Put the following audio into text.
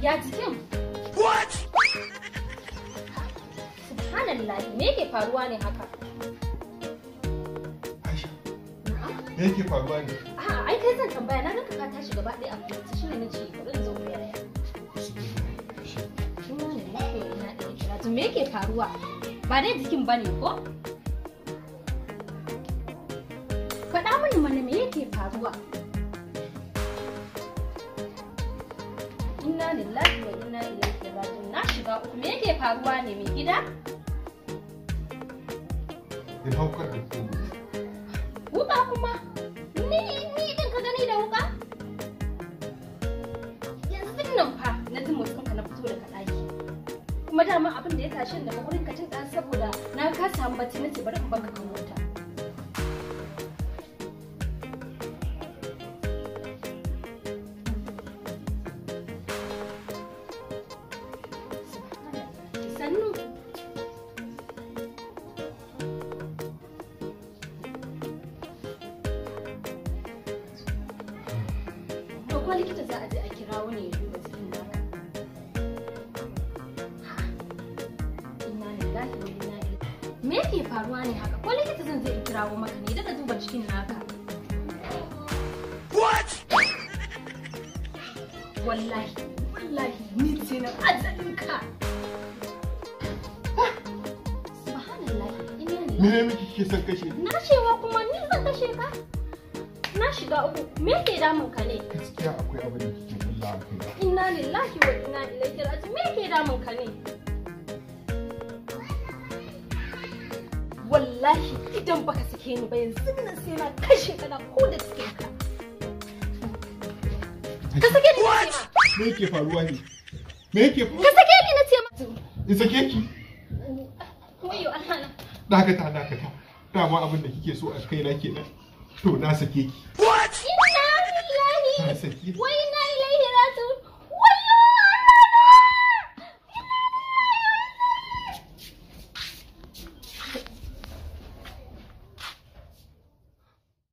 Ya cikin? What? Subhanallah, me ke faruwa ne haka? Aisha. Me yake faruwa ne? A'a, ai kai zan tambaya na ranka ka tashi gaba ɗaya a fahimci shi ne nace bari zo ku yaya. Kuma ne nake ina da me faruwa? Ba dai jikin ko? Faɗa mini mana me yake faruwa? inna lillahi wa inna ilaihi raji'un na shiga uku me yake faruwa ne mai gida in haukar da ku wuka kuma ni ni din ka gani da wuka yanzu nan fa na ji motsin ka na fito daga ɗaki kuma dama abin da ya tashi daga wurin ka jin saboda na ka samu bacci na bari in baka kan mota kuma likita za a je a kira wani ya duba jikin naka inna lillahi wa inna ilaihi me yake faruwa ne haka ko likita zan zai kirawo maka ne daga duba jikin naka what wallahi wallahi ni ce na ajalin ka ah! subhanallah ina ne me ne miki kike son kashe na cewa kuma ni zan kashe ka na shiga uku me ke damun ka ne gaskiya akwai abin da kike kulla a kai inna lillahi wa inna ilaihi raji'un me ke damun ka ne wallahi idan baka sake ni ba yanzu nan sai na kashe ka na ko da sake ka ka sake ni me ke faruwa ne me yake faruwa ka sake ni na ce ma in sake ki wayo Allah na dakata dakata dama abin da kike so a na kenan to na sake ki what ina lillahi wai